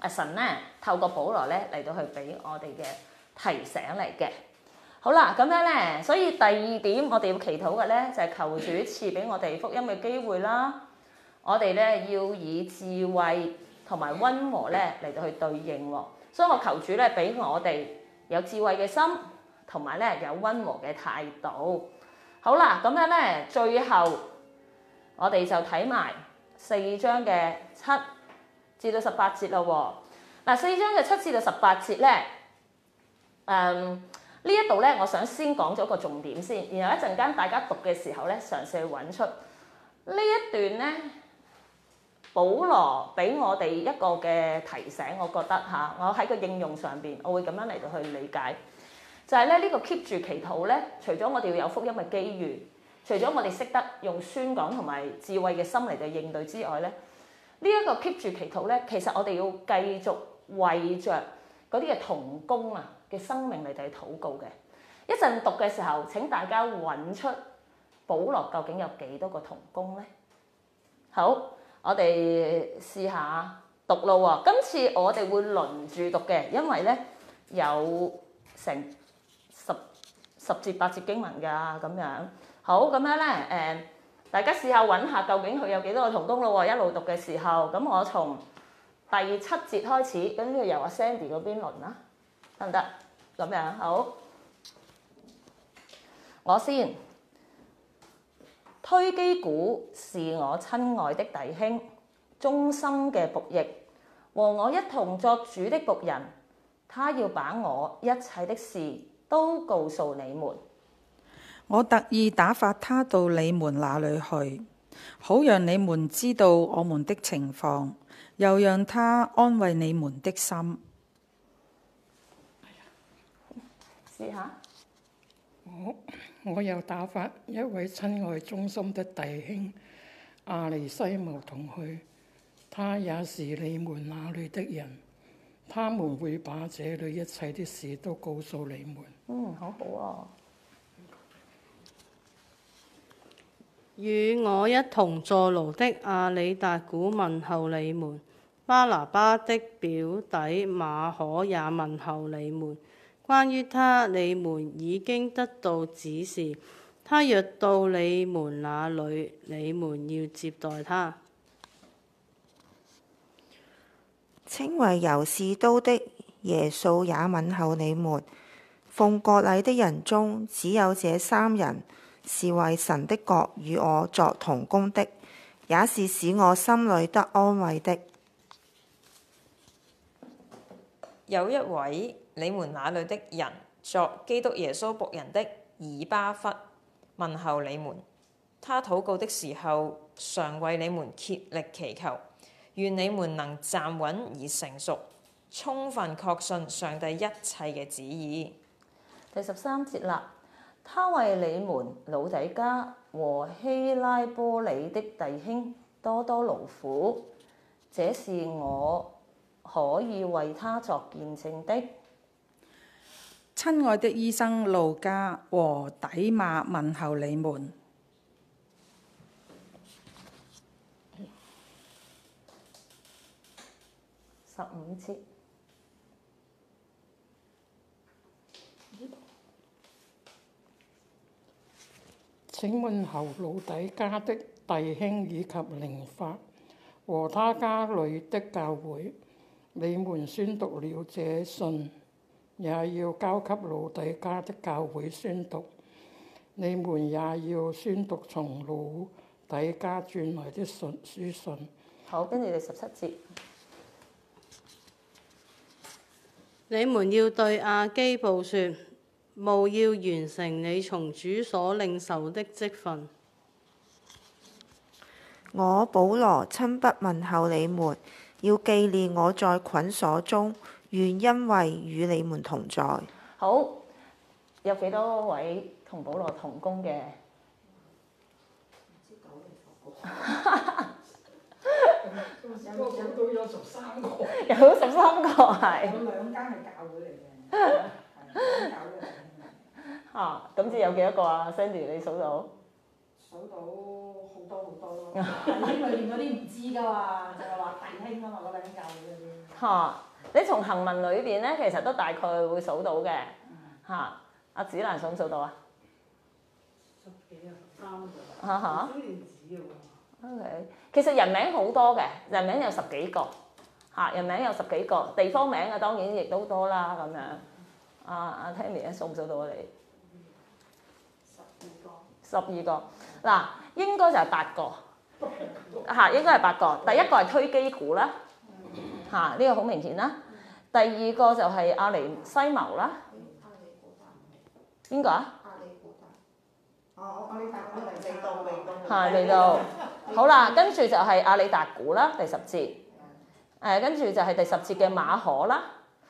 阿神咧透過保羅咧嚟到去俾我哋嘅提醒嚟嘅。好啦，咁樣咧，所以第二點我哋要祈禱嘅咧，就係求主賜俾我哋福音嘅機會啦。我哋咧要以智慧同埋溫和咧嚟到去對應喎。所以我求主咧俾我哋有智慧嘅心，同埋咧有溫和嘅態度。好啦，咁樣咧，最後我哋就睇埋四章嘅七至到十八節咯。嗱，四章嘅七至到十八節咧，嗯。呢一度咧，我想先講咗個重點先，然後一陣間大家讀嘅時候咧，嘗試去揾出呢一段咧，保羅俾我哋一個嘅提醒，我覺得吓，我喺個應用上邊，我會咁樣嚟到去理解，就係咧呢個 keep 住祈禱咧，除咗我哋要有福音嘅機遇，除咗我哋識得用宣講同埋智慧嘅心嚟到應對之外咧，呢一個 keep 住祈禱咧，其實我哋要繼續為着嗰啲嘅同工啊，嘅生命嚟哋禱告嘅，一陣讀嘅時候請大家揾出保羅究竟有幾多個同工咧？好，我哋試下讀咯喎。今次我哋會輪住讀嘅，因為咧有成十十節八節經文㗎咁樣。好，咁樣咧誒、呃，大家試下揾下究竟佢有幾多個同工咯喎？一路讀嘅時候，咁我從第七節開始，跟住由阿 Sandy 嗰邊輪啦。得唔得咁樣？好，我先推基古，是我親愛的弟兄，忠心嘅僕役，和我一同作主的僕人，他要把我一切的事都告訴你們。我特意打發他到你們那裡去，好讓你們知道我們的情況，又讓他安慰你們的心。我，我又打發一位親愛忠心的弟兄阿尼西母同去，他也是你們那裏的人，他們會把這裏一切的事都告訴你們。嗯，好好啊！與我一同坐牢的阿里達古問候你們，巴拿巴的表弟馬可也問候你們。關於他，你們已經得到指示。他若到你們那裡，你們要接待他。稱為猶士都的耶穌也問候你們。奉割禮的人中，只有這三人是為神的國與我作同工的，也是使我心裡得安慰的。有一位。你們那裏的人，作基督耶穌僕人的以巴弗，問候你們。他禱告的時候，常為你們竭力祈求，願你們能站穩而成熟，充分確信上帝一切嘅旨意。第十三節啦，他為你們老底加和希拉波里的弟兄多多勞苦，這是我可以為他作見證的。親愛的醫生路加和底馬，問候你們。次 請問候老底加的弟兄以及靈法，和他家裏的教會，你們宣讀了這信也要交給老底嘉的教會宣讀，你們也要宣讀從老底嘉轉來的信書信。好，跟住第十七節，你們要對亞基布説：務要完成你從主所領受的職分。我保羅親筆問候你們，要記念我在捆鎖中。原因為與你們同在。好，有幾多位同保羅同工嘅？ 有十三個。有十三個，係。有兩間係教會嚟嘅，係咁即有幾多個啊？Sandy，你數到？ 數到好多好多咯，裏面嗰啲唔知噶嘛，就係話弟兄嗰個兩間教會嗰啲。嚇、 啊、～你從行文裏邊咧，其實都大概會數到嘅，嚇。阿子蘭數唔數到啊？十幾啊，十三個。嚇嚇？OK，其實人名好多嘅，人名有十幾個，嚇，人名有十幾個，地方名啊當然亦都多啦咁樣。阿阿 Tammy 數唔數到啊你？十二個。十二個，嗱，應該就係八個，嚇，應該係八個。第一個係推基古啦。嚇，呢個好明顯啦。第二個就係阿里西牟啦。邊個啊？阿里古大。哦，阿里達古嚟，未到未到。嚇，未到。好啦，跟住就係阿里達古啦，第十節。誒，跟住就係第十節嘅馬可啦。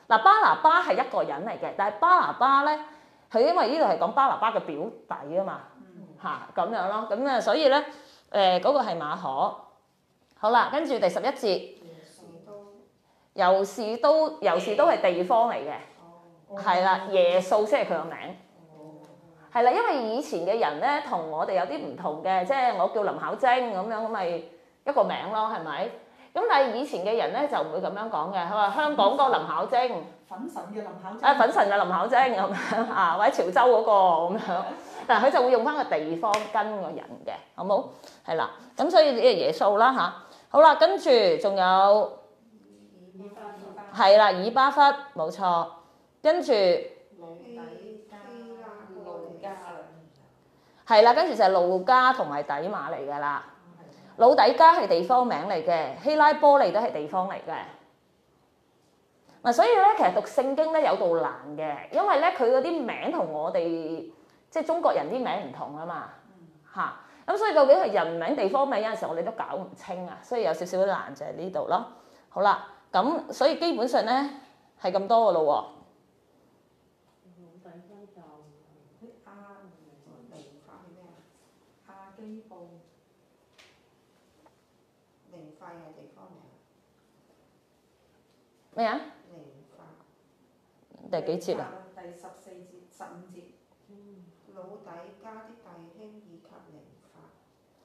嗱，巴拿巴係一個人嚟嘅，但係巴拿巴咧，佢因為呢度係講巴拿巴嘅表弟啊嘛。嚇，咁樣咯，咁啊，所以咧，誒，嗰個係馬可。好啦，跟住第十一節。又是都又是都係地方嚟嘅，係啦、哦哦，耶穌即係佢個名，係啦、哦哦，因為以前嘅人咧同我哋有啲唔同嘅，即係我叫林巧晶咁樣咁咪一個名咯，係咪？咁但係以前嘅人咧就唔會咁樣講嘅，佢話香港個林巧晶，粉神嘅林巧晶，啊粉神嘅林巧晶咁樣啊，或者潮州嗰、那個咁樣，但係佢就會用翻個地方跟個人嘅，好冇？係啦，咁所以耶穌啦吓、啊。好啦，跟住仲有。係啦，以巴弗，冇錯，跟住，底加，加，係啦，跟住就係路加同埋底馬嚟噶啦，老底加係地方名嚟嘅，希拉波利都係地方嚟嘅。嗱，所以咧，其實讀聖經咧有道難嘅，因為咧佢嗰啲名同我哋即係中國人啲名唔同啊嘛，嚇、嗯。咁所以究竟係人名地方名有陣時候我哋都搞唔清啊，所以有少少難就係呢度咯。好啦。咁所以基本上咧係咁多個咯喎。老底加咩啊？第幾節啊？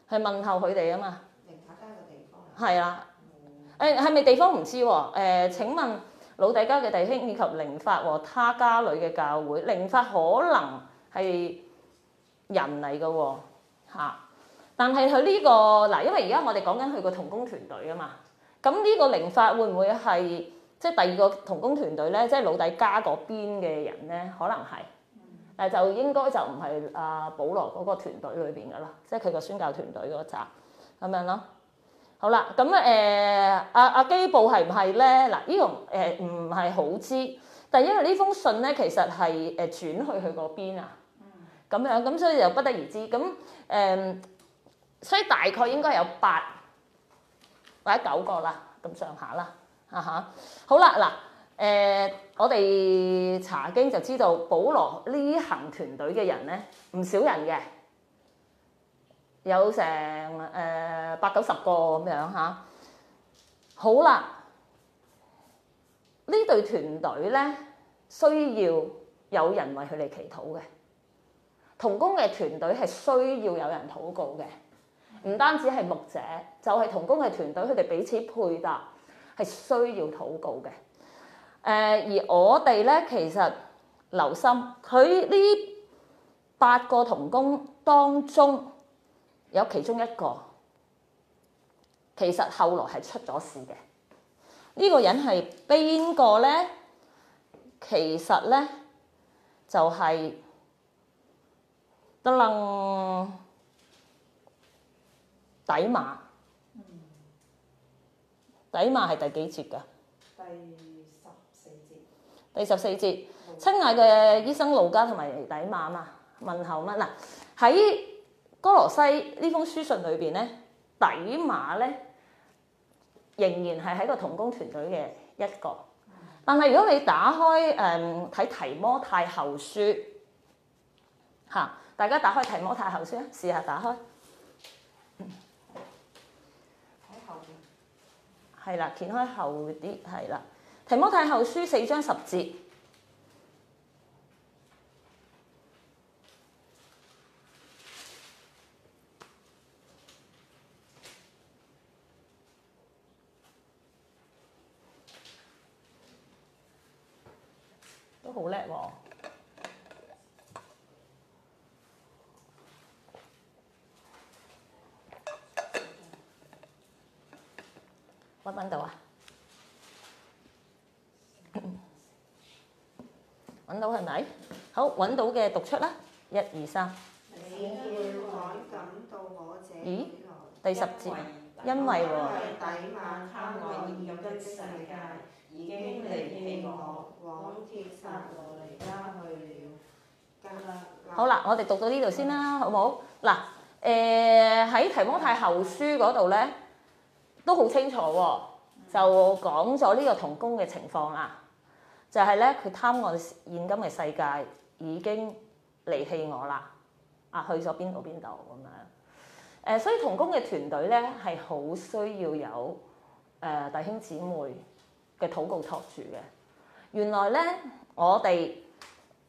係、嗯、問候佢哋啊嘛。老底加係啊。誒係咪地方唔知喎？誒、呃、請問老底嘉嘅弟兄以及寧法和、哦、他家裏嘅教會，寧法可能係人嚟嘅喎。但係佢呢個嗱，因為而家我哋講緊佢個同工團隊啊嘛。咁呢個寧法會唔會係即係第二個同工團隊咧？即、就、係、是、老底嘉嗰邊嘅人咧，可能係。但就應該就唔係阿保羅嗰個團隊裏邊嘅啦，即係佢個宣教團隊嗰扎咁樣咯。好、嗯啊啊、是是呢啦，咁誒阿阿基布係唔係咧？嗱、呃，呢個誒唔係好知，但因為呢封信咧，其實係誒轉去佢嗰邊啊，咁樣咁所以就不得而知。咁、嗯、誒，所以大概應該有八或者九個、啊、啦，咁上下啦，吓？嚇。好啦，嗱誒，我哋查經就知道保羅，保羅呢行團隊嘅人咧，唔少人嘅。有成誒八九十個咁樣嚇。好啦，呢隊團隊咧，需要有人為佢哋祈禱嘅同工嘅團隊係需要有人禱告嘅，唔單止係牧者，就係同工嘅團隊，佢哋彼此配搭係需要禱告嘅。誒而我哋咧，其實留心佢呢八個同工當中。有其中一個，其實後來係出咗事嘅。呢、這個人係邊個呢？其實呢就係得能底馬。底馬係第幾節㗎？第十四節。第十四節，親好愛嘅醫生路加同埋底馬啊，問候乜嗱喺？歌羅西呢封書信裏邊咧，底馬咧仍然係喺個同工團隊嘅一個，但係如果你打開誒睇、嗯、提摩太後書嚇、啊，大家打開提摩太後書啊，試下打開喺後邊，係啦，掀開後啲係啦，提摩太後書四章十節。搵唔搵到啊？搵到係咪？好，揾到嘅讀出啦，一、二、三。咦？第十節，因為喎，底馬貪愛現今的世界已經離棄我，往帖撒羅尼迦。好啦，我哋讀到呢度先啦，好唔好？嗱，誒、呃、喺《提摩太後書》嗰度咧，都好清楚喎，就講咗呢個同工嘅情況啦，就係咧，佢貪愛現今嘅世界已經離棄我啦，啊去咗邊度邊度咁樣，誒、呃，所以同工嘅團隊咧係好需要有誒、呃、弟兄姊妹嘅禱告托住嘅。原來咧我哋。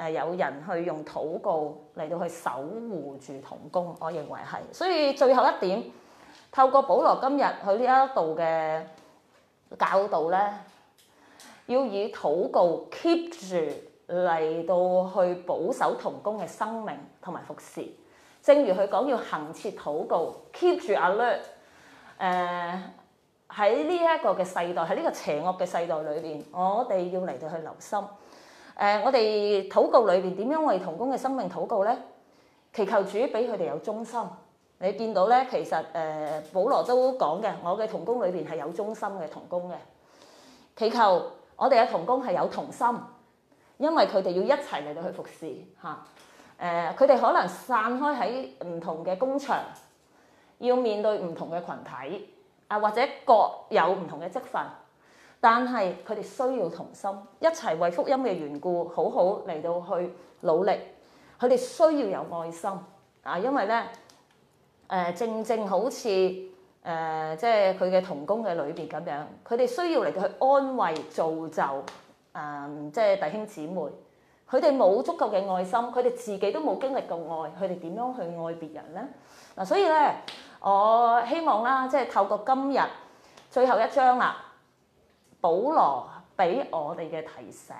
誒，有人去用禱告嚟到去守護住同工，我認為係。所以最後一點，透過保羅今日佢呢一度嘅教導咧，要以禱告 keep 住嚟到去保守同工嘅生命同埋服侍。正如佢講，要恆切禱告，keep 住 alert。誒喺呢一個嘅世代，喺呢個邪惡嘅世代裏面，我哋要嚟到去留心。誒，我哋禱告裏邊點樣為同工嘅生命禱告咧？祈求主俾佢哋有忠心。你見到咧，其實誒，保羅都講嘅，我嘅同工裏邊係有忠心嘅同工嘅。祈求我哋嘅同工係有同心，因為佢哋要一齊嚟到去服侍嚇。誒，佢哋可能散開喺唔同嘅工場，要面對唔同嘅羣體啊，或者各有唔同嘅職份。但係佢哋需要同心一齊為福音嘅緣故，好好嚟到去努力。佢哋需要有愛心啊，因為咧誒，正正好似誒，即係佢嘅同工嘅裏邊咁樣，佢哋需要嚟到去安慰造就啊，即係弟兄姊妹。佢哋冇足夠嘅愛心，佢哋自己都冇經歷過愛，佢哋點樣去愛別人咧嗱？所以咧，我希望啦，即係透過今日最後一章啦。保羅俾我哋嘅提醒，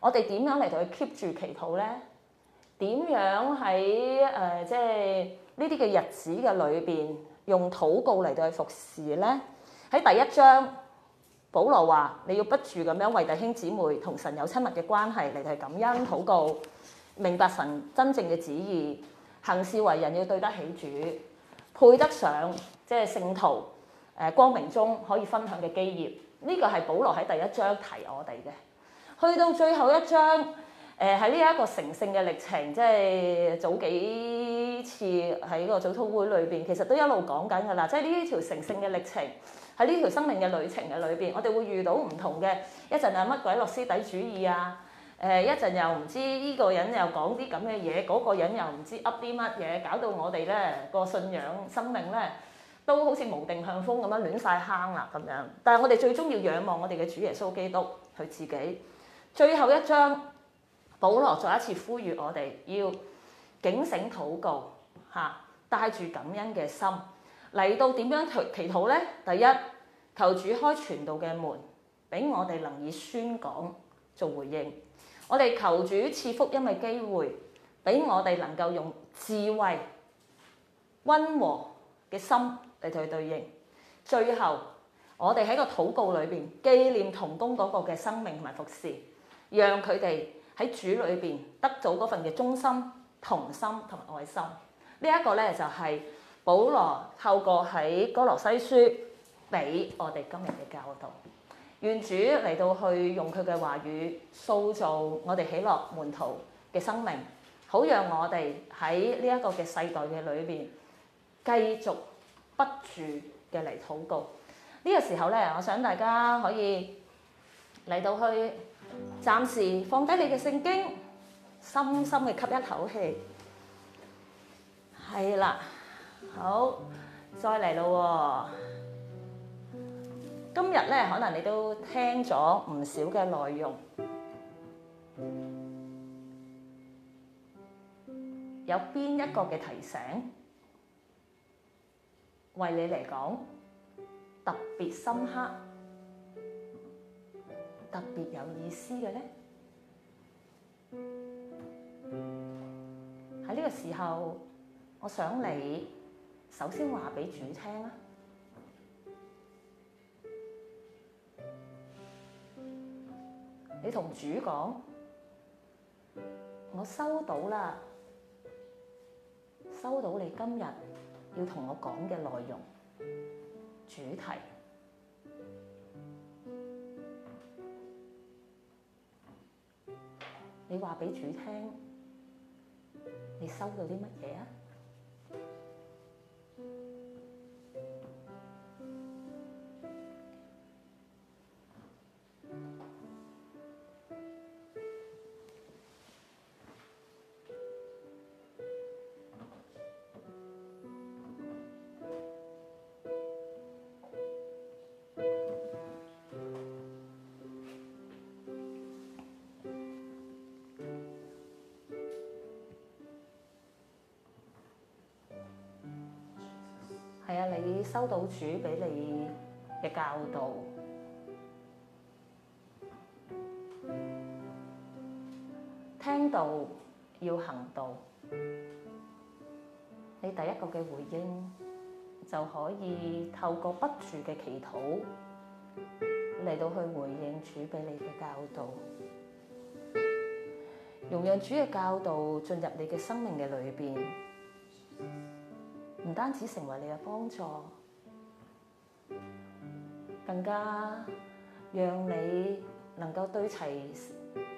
我哋點樣嚟到去 keep 住祈禱咧？點樣喺誒即係呢啲嘅日子嘅裏邊，用禱告嚟到去服侍咧？喺第一章，保羅話你要不住咁樣為弟兄姊妹同神有親密嘅關係嚟到去感恩禱告，明白神真正嘅旨意，行事為人要對得起主，配得上即係聖徒誒光明中可以分享嘅基業。呢個係保羅喺第一章提我哋嘅，去到最後一章，誒喺呢一個成聖嘅歷程，即係早幾次喺個早禱會裏邊，其實都一路講緊㗎喇，即係呢條成聖嘅歷程，喺呢條生命嘅旅程嘅裏邊，我哋會遇到唔同嘅，一陣啊乜鬼諾斯底主義啊，誒一陣又唔知呢、這個人又講啲咁嘅嘢，嗰、這個人又唔知噏啲乜嘢，搞到我哋咧、這個信仰生命咧。都好似無定向風咁樣亂晒坑啦咁樣，但係我哋最終要仰望我哋嘅主耶穌基督佢自己。最後一章，保羅再一次呼籲我哋要警醒禱告，嚇帶住感恩嘅心嚟到點樣祈禱呢？第一，求主開傳道嘅門，俾我哋能以宣講做回應。我哋求主賜福音嘅機會，俾我哋能夠用智慧溫和嘅心。嚟到去對應，最後我哋喺個禱告裏邊紀念同工嗰個嘅生命同埋服侍，讓佢哋喺主裏邊得到嗰份嘅忠心、同心同埋愛心。這個、呢一個咧就係、是、保羅透過喺歌羅西書俾我哋今日嘅教導，願主嚟到去用佢嘅話語塑造我哋喜樂門徒嘅生命，好讓我哋喺呢一個嘅世代嘅裏邊繼續。不住嘅嚟禱告，呢個時候咧，我想大家可以嚟到去，暫時放低你嘅聖經，深深嘅吸一口氣。係啦，好，再嚟咯。今日咧，可能你都聽咗唔少嘅內容，有邊一個嘅提醒？為你嚟講，特別深刻、特別有意思嘅咧，喺呢個時候，我想你首先話俾主聽啊！你同主講：我收到啦，收到你今日。要同我講嘅內容主題，你話俾主聽，你收到啲乜嘢啊？收到主俾你嘅教導，聽到要行道，你第一個嘅回應就可以透過不住嘅祈禱嚟到去回應主俾你嘅教導，容讓主嘅教導進入你嘅生命嘅裏邊，唔單止成為你嘅幫助。更加讓你能夠對齊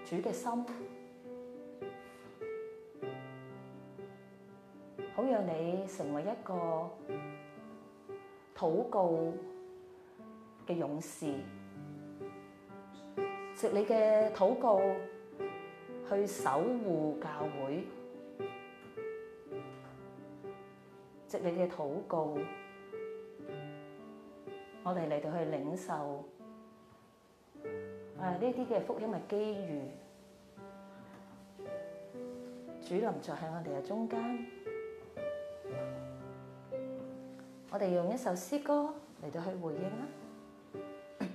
主嘅心，好讓你成為一個禱告嘅勇士，藉你嘅禱告去守護教會，藉你嘅禱告。我哋嚟到去領受誒呢啲嘅福音嘅機遇，主臨在喺我哋嘅中間，我哋用一首詩歌嚟到去回應啦。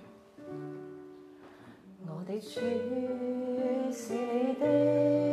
我的主是你的。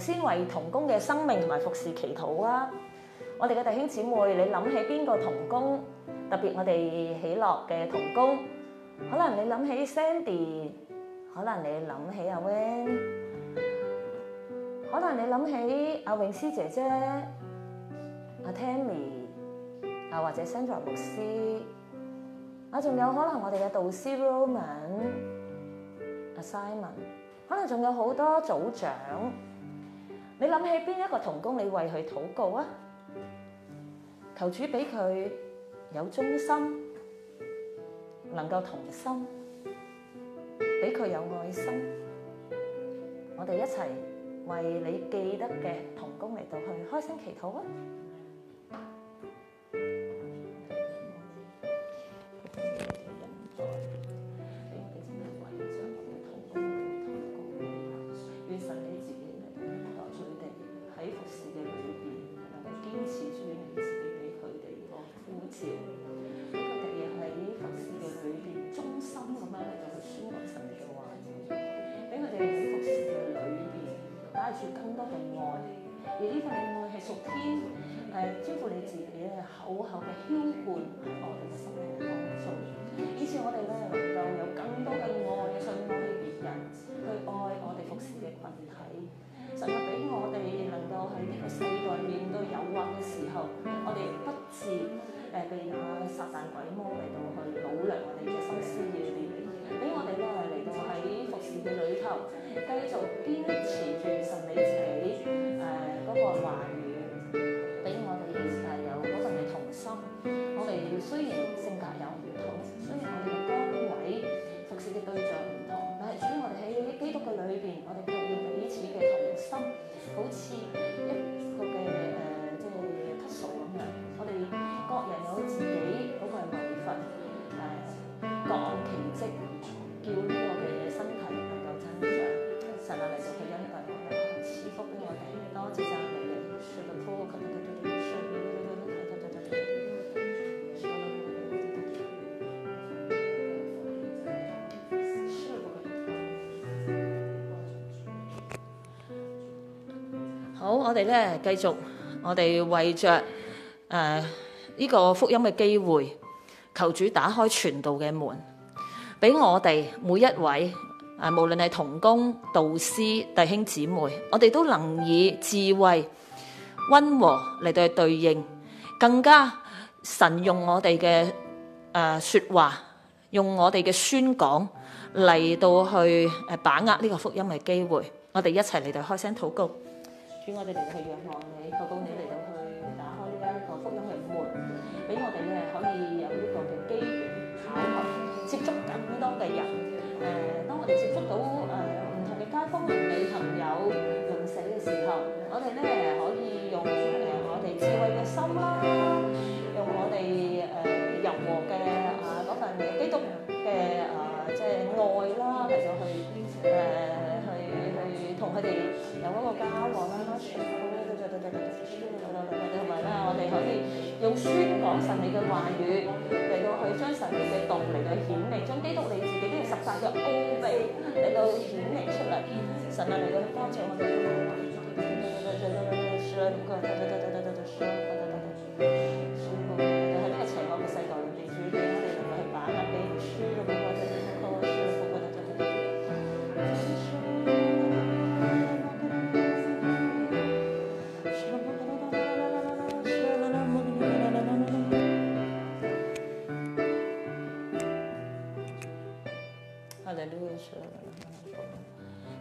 先為童工嘅生命同埋服侍祈禱啊！我哋嘅弟兄姊妹，你諗起邊個童工？特別我哋喜樂嘅童工，可能你諗起 Sandy，可能你諗起阿 Win，可能你諗起阿泳詩姐姐、阿 Tammy，啊或者 Sandra 牧師，啊仲有可能我哋嘅導師 Roman、阿 Simon，可能仲有好多組長。你諗起邊一個童工，你為佢禱告啊？求主俾佢有忠心，能夠同心，俾佢有愛心。我哋一齊為你記得嘅童工嚟到去開聲祈禱啊！更多嘅愛，而呢份愛係屬天，誒招付你自己咧厚厚嘅牽絆，喺我哋嘅心靈當中。以致我哋咧能夠有更多嘅愛去愛別人，去愛我哋服侍嘅群體，實在俾我哋能夠喺呢個世代面對誘惑嘅時候，我哋不至誒、呃、被那撒但鬼魔嚟到去擄掠我哋嘅心思意念。俾我哋咧嚟到喺服侍嘅裏頭，繼續堅持住神理自己，誒、呃、嗰、嗰個話語，俾我哋誒有嗰陣嘅同心。我哋雖然性格有唔同，雖然我哋嘅崗位服侍嘅對象唔同，但係主要我哋喺基督嘅裏邊，我哋就要彼此嘅同心，好似一。我哋咧，繼續，我哋為着誒呢、呃這個福音嘅機會，求主打開傳道嘅門，俾我哋每一位誒、呃，無論係同工、導師、弟兄姊妹，我哋都能以智慧溫和嚟到去對應，更加神用我哋嘅誒說話，用我哋嘅宣講嚟到去誒把握呢個福音嘅機會，我哋一齊嚟到開聲禱告。 我哋嚟到去仰望你，求告你嚟到去打開呢一個福音嘅門，俾我哋咧可以有呢個嘅機會， 接觸更多嘅人。誒，當我哋接觸到誒唔同嘅街坊、朋友、同事嘅時候，我哋咧可以用誒、呃、我哋智慧嘅心啦，用我哋誒、呃、柔和嘅啊嗰份基督嘅誒即係愛啦，嚟、啊、到、就是啊、去誒、呃、去、呃、去同佢哋有一個交往啦。同埋咧，我哋可以用宣講神嘅話語嚟到去將神嘅動力去顯明，將基督你自己啲十全嘅奧秘嚟到顯明出嚟。神啊，嚟到幫助我哋。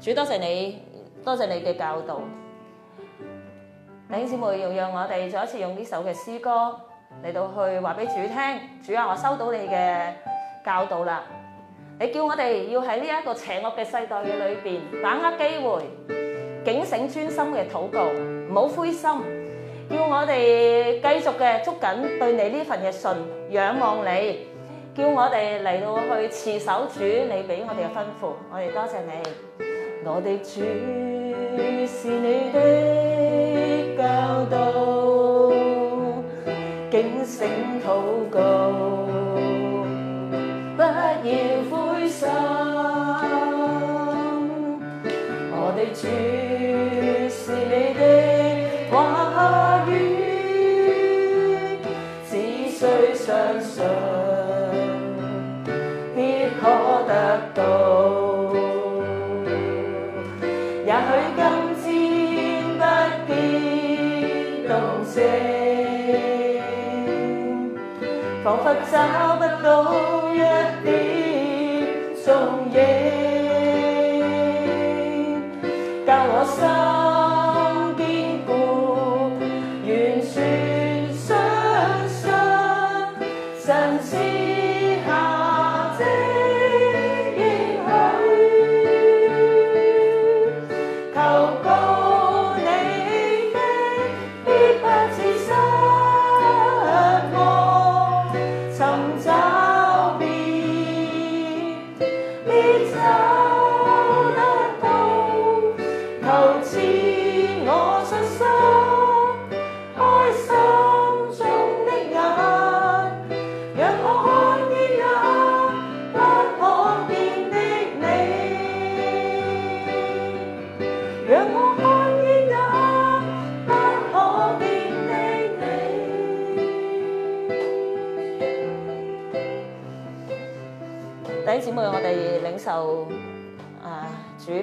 主多謝你，多謝你嘅教導，弟兄姊妹又讓我哋再一次用呢首嘅詩歌嚟到去話俾主聽。主啊，我收到你嘅教導啦，你叫我哋要喺呢一個邪惡嘅世代嘅裏邊把握機會，警醒專心嘅禱告，唔好灰心，叫我哋繼續嘅捉緊對你呢份嘅信，仰望你，叫我哋嚟到去持守主，你俾我哋嘅吩咐。我哋多謝你。我的主是你的教導，警醒禱告，不要灰心。我的主是你的話語，只需相信。找不到。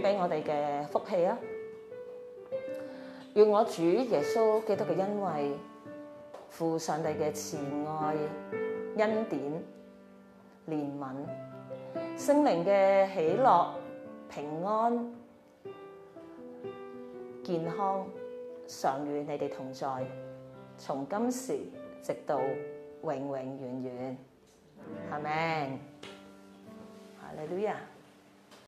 俾我哋嘅福氣啊！願我主耶穌基督嘅恩惠、父上帝嘅慈愛、恩典、憐憫、聖靈嘅喜樂、平安、健康，常與你哋同在，從今時直到永永遠遠。阿門。阿利路亞。